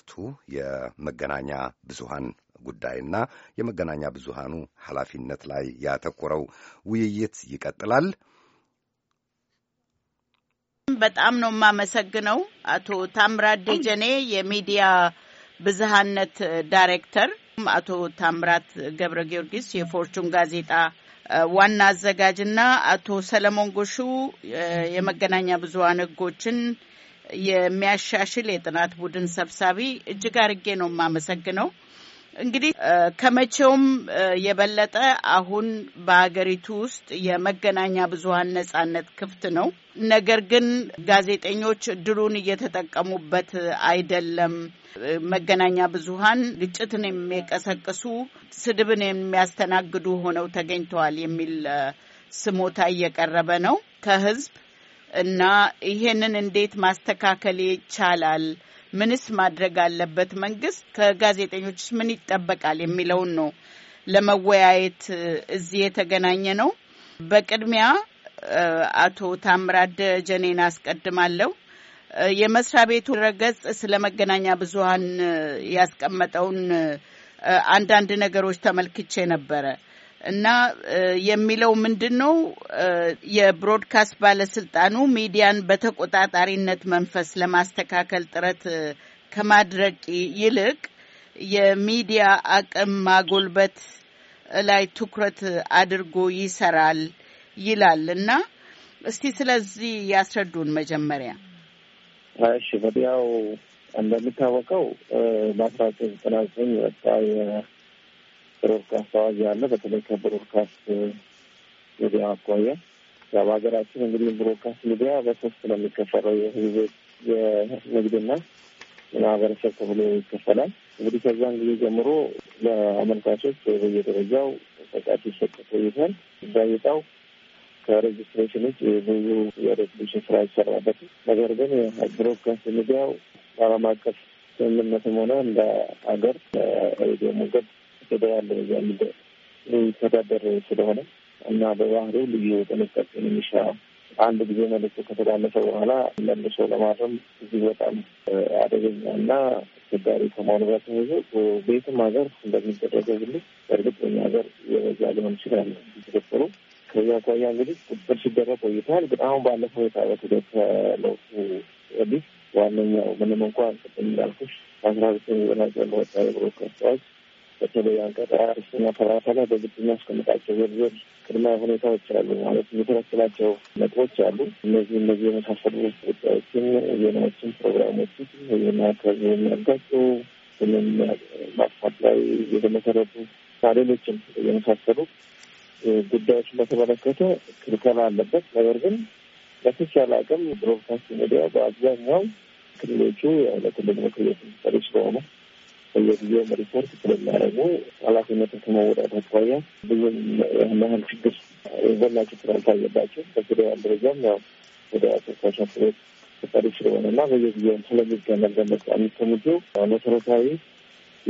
የወቅቱ የመገናኛ ብዙሃን ጉዳይና የመገናኛ ብዙሃኑ ኃላፊነት ላይ ያተኮረው ውይይት ይቀጥላል። በጣም ነው የማመሰግነው አቶ ታምራት ደጀኔ የሚዲያ ብዝሃነት ዳይሬክተር፣ አቶ ታምራት ገብረ ጊዮርጊስ የፎርቹን ጋዜጣ ዋና አዘጋጅና አቶ ሰለሞን ጎሹ የመገናኛ ብዙሃን ህጎችን የሚያሻሽል የጥናት ቡድን ሰብሳቢ እጅግ አርጌ ነው የማመሰግነው። እንግዲህ ከመቼውም የበለጠ አሁን በሀገሪቱ ውስጥ የመገናኛ ብዙኃን ነጻነት ክፍት ነው። ነገር ግን ጋዜጠኞች እድሉን እየተጠቀሙበት አይደለም። መገናኛ ብዙኃን ግጭትን የሚቀሰቅሱ ስድብን የሚያስተናግዱ ሆነው ተገኝተዋል የሚል ስሞታ እየቀረበ ነው ከህዝብ እና ይሄንን እንዴት ማስተካከል ይቻላል? ምንስ ማድረግ አለበት መንግስት? ከጋዜጠኞች ምን ይጠበቃል? የሚለውን ነው ለመወያየት እዚህ የተገናኘ ነው። በቅድሚያ አቶ ታምራት ደጀኔን አስቀድማለሁ። የመስሪያ ቤቱ ረገጽ ስለ መገናኛ ብዙኃን ያስቀመጠውን አንዳንድ ነገሮች ተመልክቼ ነበረ። እና የሚለው ምንድን ነው የብሮድካስት ባለስልጣኑ ሚዲያን በተቆጣጣሪነት መንፈስ ለማስተካከል ጥረት ከማድረግ ይልቅ የሚዲያ አቅም ማጎልበት ላይ ትኩረት አድርጎ ይሰራል ይላል እና እስቲ ስለዚህ ያስረዱን መጀመሪያ። እሺ፣ ወዲያው እንደሚታወቀው በአስራ ዘጠኝ ዘጠና ዘጠኝ የወጣ ብሮድካስት አዋጅ አለ። በተለይ ከብሮድካስት ሚዲያ አኳያ በሀገራችን እንግዲህ ብሮድካስት ሚዲያ በሶስት ነው የሚከፈለው። የህዝብ የንግድና ማህበረሰብ ተብሎ ይከፈላል። እንግዲህ ከዛን ጊዜ ጀምሮ ለአመልካቾች በየደረጃው ተቃት ይሰጥ ቆይቷል። ጋዜጣው ከሬጅስትሬሽን ውጭ ብዙ የሬጅስትሬሽን ስራ ይሰራበት፣ ነገር ግን ብሮድካስት ሚዲያው በዓለም አቀፍ ስምምነትም ሆነ እንደ ሀገር ሬዲዮ ሞገድ ወደ ያለ ተዳደር ስለሆነ እና በባህሪው ልዩ ጥንቃቄን የሚሻ አንድ ጊዜ መልዕክቱ ከተላለፈ በኋላ መልሶ ለማረም እዚህ በጣም አደገኛ እና አስቸጋሪ ከመሆኑ ጋር ተያይዞ በየትም ሀገር እንደሚደረገው ሁሉ በእርግጥ በኛ ሀገር የበዛ ሊሆን ይችላል ተደፈሩ። ከዚ አኳያ እንግዲህ ቁጥጥር ሲደረግ ቆይተዋል። ግን አሁን ባለፈው የታወቀ ከለውጡ ወዲህ ዋነኛው ምንም እንኳን ቅድም እንዳልኩሽ አስራ ዘጠኝ ዘጠና ወጣ የብሮድካስት አዋጅ በተለይ አንቀጽ ሀያ አምስት እና ላይ በግድ የሚያስቀምጣቸው ዝርዝር ቅድመ ሁኔታዎች አሉ ማለት የሚከለክላቸው ነጥቦች አሉ። እነዚህ እነዚህ የመሳሰሉ ጉዳዮችን፣ ዜናዎችን፣ ፕሮግራሞችን የሚያከዝ የሚያጋጩ ማጥፋት ላይ የተመሰረቱ ሌሎችም የመሳሰሉ ጉዳዮችን በተመለከተ ክልከላ አለበት። ነገር ግን በተቻለ አቅም ብሮድካስት ሚዲያ በአብዛኛው ክልሎቹ ለክልል ምክር ቤት ስለሆነ በየጊዜው ሪፖርት ስለሚያደርጉ ኃላፊነትን ከመወጣት አኳያ ብዙም ያህል ችግር ዘላቸው ስላልታየባቸው በፌዴራል ደረጃም ያው ወደ አሶሲሽን ስቤት ፈቃዱ ስለሆነ እና በየጊዜውም ስለሚገመል በመጣ የሚከምጁ መሰረታዊ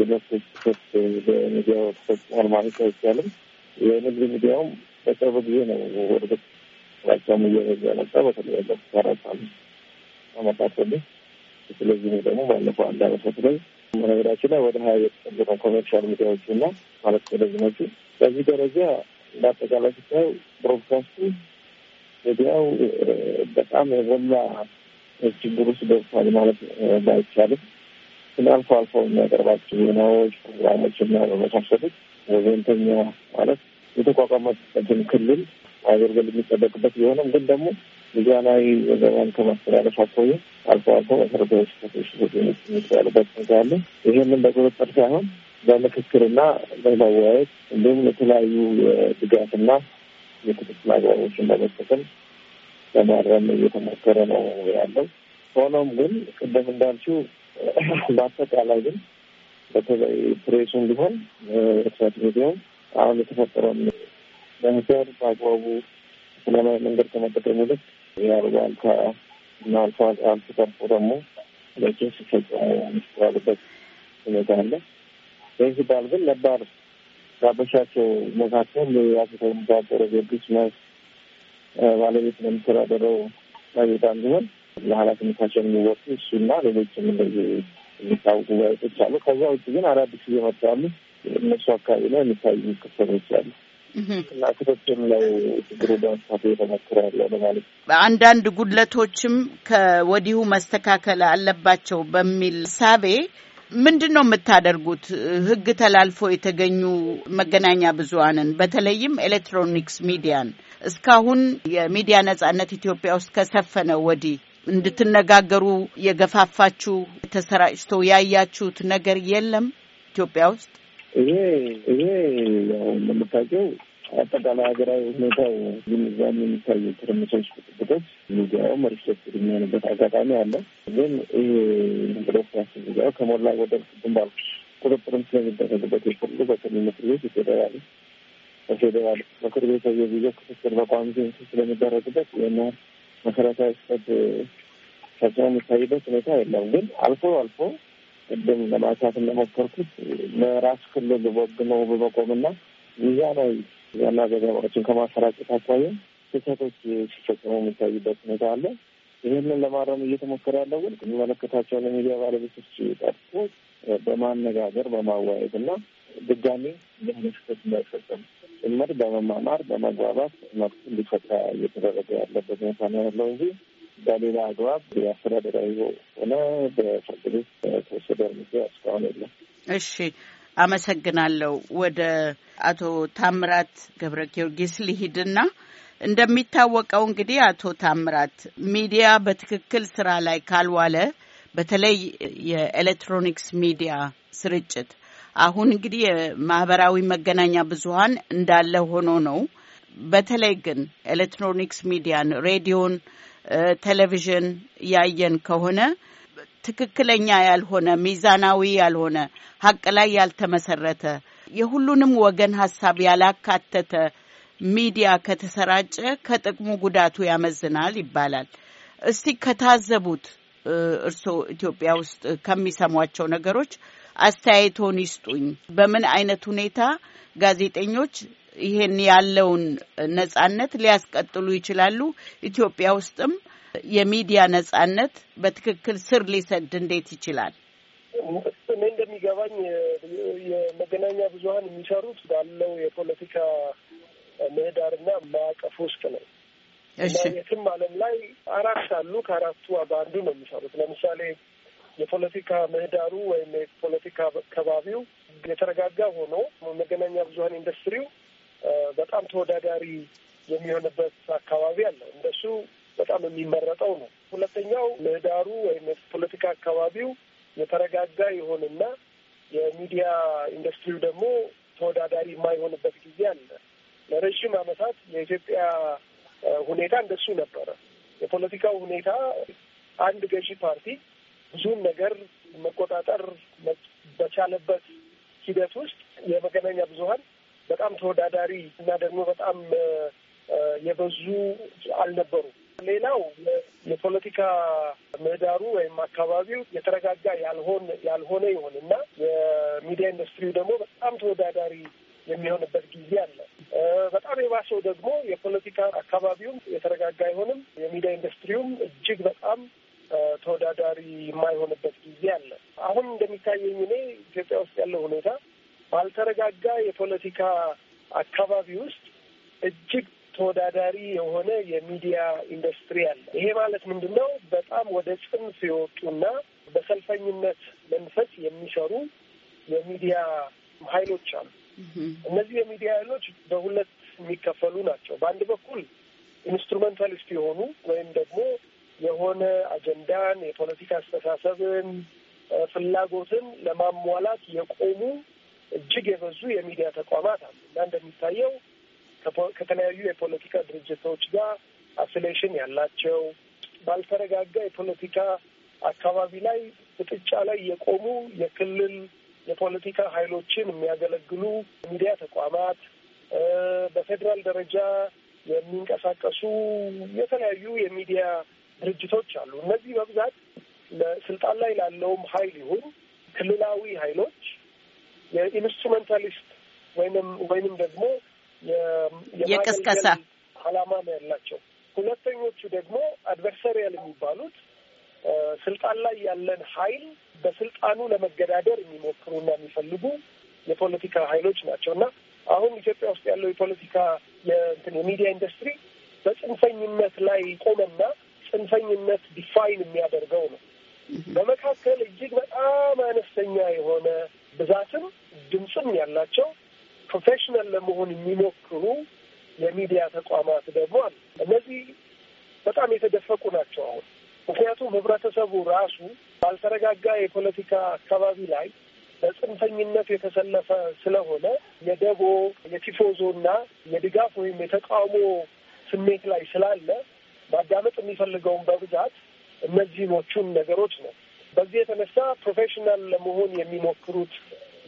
የመብት ጥሰት በሚዲያው ተፈጽሟል ማለት አይቻልም። የንግድ ሚዲያውም በቅርብ ጊዜ ነው ወደ ስራቸውም እየበዛ መጣ። በተለይ ያለፉት አራት አመታት ወዲህ ስለዚህ ደግሞ ባለፈው አንድ አመት ላይ በነገራችን ላይ ወደ ሀያ የተጠበቀ ኮሜርሻል ሚዲያዎቹ እና ማለት ቴሌቪዥኖቹ በዚህ ደረጃ እንዳጠቃላይ ስታየው ብሮድካስቱ ሚዲያው በጣም የበላ ችግር ውስጥ ገብቷል ማለት ባይቻልም ግን አልፎ አልፎ የሚያቀርባቸው ዜናዎች፣ ፕሮግራሞች እና በመሳሰሉት ወገንተኛ ማለት የተቋቋመበትን ክልል አገልግሎት የሚጠበቅበት ቢሆንም ግን ደግሞ ሚዛናዊ ዘገባን ከማስተላለፍ አኳያ አልፎ አልፎ መሰረታዊ ስህተቶች የሚባሉበት ሁኔታ አለ። ይህንን በቁጥጥር ሳይሆን በምክክርና በመወያየት እንዲሁም የተለያዩ ድጋፍና የክትትል አግባቦችን በመጠቀም ለማረም እየተሞከረ ነው ያለው። ሆኖም ግን ቅደም እንዳልችው በአጠቃላይ ግን በተለይ ፕሬሱን ቢሆን ስራት ቢሆን አሁን የተፈጠረውን በምክር በአግባቡ ሰላማዊ መንገድ ከመጠቀም ይልቅ የአሉባልታ እና አልፎ አልፎ ተርፎ ደግሞ በጭስ ሲፈጸሙ የሚስተዋሉበት ሁኔታ አለ። ይህ ሲባል ግን ነባር ካበሻቸው መካከል የአፍሪካ የሚተዳደረ ጊዮርጊስ መስ ባለቤት ለሚተዳደረው ጋዜጣም ቢሆን ለኃላፊነታቸው የሚወጡ እሱና ሌሎችም እንደዚህ የሚታወቁ ጋዜጦች አሉ። ከዛ ውጭ ግን አዳዲስ እየመጡ ያሉ እነሱ አካባቢ ላይ የሚታዩ ክፍተቶች አሉ። እና ክትትል ላይ ችግሩ ለመፍታት እየተሞከረ ያለው ለማለት አንዳንድ ጉድለቶችም ከወዲሁ መስተካከል አለባቸው በሚል ሳቤ ምንድን ነው የምታደርጉት? ህግ ተላልፎ የተገኙ መገናኛ ብዙሀንን በተለይም ኤሌክትሮኒክስ ሚዲያን እስካሁን የሚዲያ ነጻነት ኢትዮጵያ ውስጥ ከሰፈነ ወዲህ እንድትነጋገሩ የገፋፋችሁ ተሰራጭቶ ያያችሁት ነገር የለም ኢትዮጵያ ውስጥ? ይሄ ይሄ ያው እንደምታውቀው አጠቃላይ ሀገራዊ ሁኔታው ግንዛቤ የሚታየ ትርምሶች፣ ቁጥብቶች ሚዲያው ሪፍሌክት የሚሆንበት አጋጣሚ አለ። ግን ይሄ ዲሞክራሲ ሚዲያው ከሞላ ጎደል ግንባር ቁጥጥርም ስለሚደረግበት የክልሉ በክልል ምክር ቤት ይፌደራል በፌዴራል ምክር ቤት የጊዜው ክትትል በቋሚ ስለሚደረግበት ይህን መሰረታዊ ስጠት ፈጽሞ የሚታይበት ሁኔታ የለም። ግን አልፎ አልፎ ቅድም ለማንሳት እንደሞከርኩት ለራሱ ክልል ወግ ወግነው በመቆምና ሚዛናዊ ዋና ዘገባዎችን ከማሰራጨት አኳያ ስህተቶች ሲፈጽሙ የሚታዩበት ሁኔታ አለ። ይህንን ለማረም እየተሞከረ ያለው ግን የሚመለከታቸውን የሚዲያ ባለቤቶች ጠርቶ በማነጋገር በማዋየት እና ድጋሜ ለህንስቶች እንዳይፈጸም ጭምር በመማማር በመግባባት መብቱ እንዲፈታ እየተደረገ ያለበት ሁኔታ ነው ያለው እንጂ በሌላ አግባብ የአስተዳደራዊ ሆነ በፍርድ ቤት ተወሰደ እርምጃ እስካሁን የለም። እሺ፣ አመሰግናለሁ። ወደ አቶ ታምራት ገብረ ጊዮርጊስ ሊሂድና እንደሚታወቀው እንግዲህ አቶ ታምራት ሚዲያ በትክክል ስራ ላይ ካልዋለ በተለይ የኤሌክትሮኒክስ ሚዲያ ስርጭት አሁን እንግዲህ የማህበራዊ መገናኛ ብዙሀን እንዳለ ሆኖ ነው። በተለይ ግን ኤሌክትሮኒክስ ሚዲያን፣ ሬዲዮን፣ ቴሌቪዥን ያየን ከሆነ ትክክለኛ ያልሆነ ሚዛናዊ ያልሆነ ሀቅ ላይ ያልተመሰረተ የሁሉንም ወገን ሀሳብ ያላካተተ ሚዲያ ከተሰራጨ ከጥቅሙ ጉዳቱ ያመዝናል ይባላል። እስቲ ከታዘቡት እርስዎ ኢትዮጵያ ውስጥ ከሚሰሟቸው ነገሮች አስተያየቶን ይስጡኝ። በምን አይነት ሁኔታ ጋዜጠኞች ይሄን ያለውን ነጻነት ሊያስቀጥሉ ይችላሉ። ኢትዮጵያ ውስጥም የሚዲያ ነጻነት በትክክል ስር ሊሰድ እንዴት ይችላል? እኔ እንደሚገባኝ የመገናኛ ብዙኃን የሚሰሩት ባለው የፖለቲካ ምህዳርና ማዕቀፍ ውስጥ ነው። የትም ዓለም ላይ አራት አሉ። ከአራቱ በአንዱ ነው የሚሰሩት። ለምሳሌ የፖለቲካ ምህዳሩ ወይም የፖለቲካ ከባቢው የተረጋጋ ሆኖ መገናኛ ብዙኃን ኢንዱስትሪው በጣም ተወዳዳሪ የሚሆንበት አካባቢ አለ እንደሱ በጣም የሚመረጠው ነው። ሁለተኛው ምህዳሩ ወይም ፖለቲካ አካባቢው የተረጋጋ ይሆንና የሚዲያ ኢንዱስትሪው ደግሞ ተወዳዳሪ የማይሆንበት ጊዜ አለ። ለረዥም ዓመታት የኢትዮጵያ ሁኔታ እንደሱ ነበረ። የፖለቲካው ሁኔታ አንድ ገዢ ፓርቲ ብዙን ነገር መቆጣጠር በቻለበት ሂደት ውስጥ የመገናኛ ብዙኃን በጣም ተወዳዳሪ እና ደግሞ በጣም የበዙ አልነበሩ ሌላው የፖለቲካ ምህዳሩ ወይም አካባቢው የተረጋጋ ያልሆን ያልሆነ ይሆን እና የሚዲያ ኢንዱስትሪው ደግሞ በጣም ተወዳዳሪ የሚሆንበት ጊዜ አለ። በጣም የባሰው ደግሞ የፖለቲካ አካባቢውም የተረጋጋ አይሆንም። የሚዲያ ኢንዱስትሪውም እጅግ በጣም ተወዳዳሪ የማይሆንበት ጊዜ አለ። አሁን እንደሚታየኝ እኔ ኢትዮጵያ ውስጥ ያለው ሁኔታ ባልተረጋጋ የፖለቲካ አካባቢ ውስጥ እጅግ ተወዳዳሪ የሆነ የሚዲያ ኢንዱስትሪ አለ። ይሄ ማለት ምንድን ነው? በጣም ወደ ጽንፍ የወጡና በሰልፈኝነት መንፈስ የሚሰሩ የሚዲያ ኃይሎች አሉ። እነዚህ የሚዲያ ኃይሎች በሁለት የሚከፈሉ ናቸው። በአንድ በኩል ኢንስትሩመንታሊስት የሆኑ ወይም ደግሞ የሆነ አጀንዳን፣ የፖለቲካ አስተሳሰብን፣ ፍላጎትን ለማሟላት የቆሙ እጅግ የበዙ የሚዲያ ተቋማት አሉ እና እንደሚታየው ከተለያዩ የፖለቲካ ድርጅቶች ጋር አፊሌሽን ያላቸው ባልተረጋጋ የፖለቲካ አካባቢ ላይ ፍጥጫ ላይ የቆሙ የክልል የፖለቲካ ኃይሎችን የሚያገለግሉ ሚዲያ ተቋማት፣ በፌዴራል ደረጃ የሚንቀሳቀሱ የተለያዩ የሚዲያ ድርጅቶች አሉ። እነዚህ በብዛት ስልጣን ላይ ላለውም ኃይል ይሁን ክልላዊ ኃይሎች የኢንስትሩመንታሊስት ወይንም ወይንም ደግሞ የቀስቀሳ አላማ ነው ያላቸው። ሁለተኞቹ ደግሞ አድቨርሰሪያል የሚባሉት ስልጣን ላይ ያለን ኃይል በስልጣኑ ለመገዳደር የሚሞክሩና የሚፈልጉ የፖለቲካ ኃይሎች ናቸው እና አሁን ኢትዮጵያ ውስጥ ያለው የፖለቲካ የእንትን የሚዲያ ኢንዱስትሪ በጽንፈኝነት ላይ ቆመና ጽንፈኝነት ዲፋይን የሚያደርገው ነው። በመካከል እጅግ በጣም አነስተኛ የሆነ ብዛትም ድምፅም ያላቸው ፕሮፌሽናል ለመሆን የሚሞክሩ የሚዲያ ተቋማት ደግሞ አሉ። እነዚህ በጣም የተደፈቁ ናቸው አሁን ምክንያቱም ህብረተሰቡ ራሱ ባልተረጋጋ የፖለቲካ አካባቢ ላይ በጽንፈኝነት የተሰለፈ ስለሆነ የደቦ የቲፎዞ ና የድጋፍ ወይም የተቃውሞ ስሜት ላይ ስላለ ማዳመጥ የሚፈልገውን በብዛት እነዚህኖቹን ነገሮች ነው። በዚህ የተነሳ ፕሮፌሽናል ለመሆን የሚሞክሩት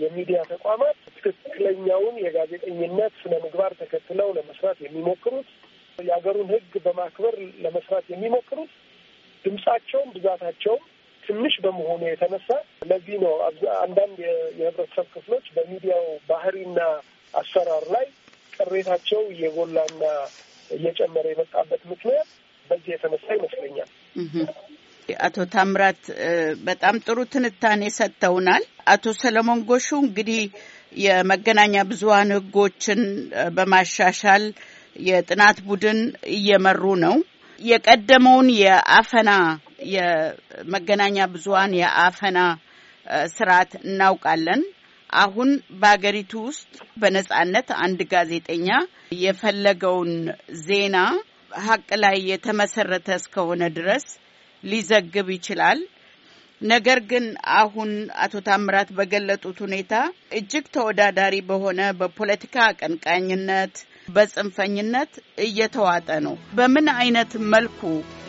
የሚዲያ ተቋማት ትክክለኛውን የጋዜጠኝነት ስነ ምግባር ተከትለው ለመስራት የሚሞክሩት የሀገሩን ሕግ በማክበር ለመስራት የሚሞክሩት ድምጻቸውም ብዛታቸውም ትንሽ በመሆኑ የተነሳ ለዚህ ነው አንዳንድ የህብረተሰብ ክፍሎች በሚዲያው ባህሪና አሰራር ላይ ቅሬታቸው እየጎላና እየጨመረ የመጣበት ምክንያት በዚህ የተነሳ ይመስለኛል። አቶ ታምራት በጣም ጥሩ ትንታኔ ሰጥተውናል። አቶ ሰለሞን ጎሹ እንግዲህ የመገናኛ ብዙሀን ህጎችን በማሻሻል የጥናት ቡድን እየመሩ ነው። የቀደመውን የአፈና የመገናኛ ብዙሀን የአፈና ስርዓት እናውቃለን። አሁን በሀገሪቱ ውስጥ በነጻነት አንድ ጋዜጠኛ የፈለገውን ዜና ሀቅ ላይ የተመሰረተ እስከሆነ ድረስ ሊዘግብ ይችላል። ነገር ግን አሁን አቶ ታምራት በገለጡት ሁኔታ እጅግ ተወዳዳሪ በሆነ በፖለቲካ አቀንቃኝነት፣ በጽንፈኝነት እየተዋጠ ነው። በምን አይነት መልኩ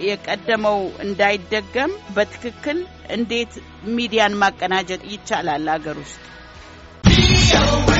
የቀደመው እንዳይደገም በትክክል እንዴት ሚዲያን ማቀናጀት ይቻላል አገር ውስጥ?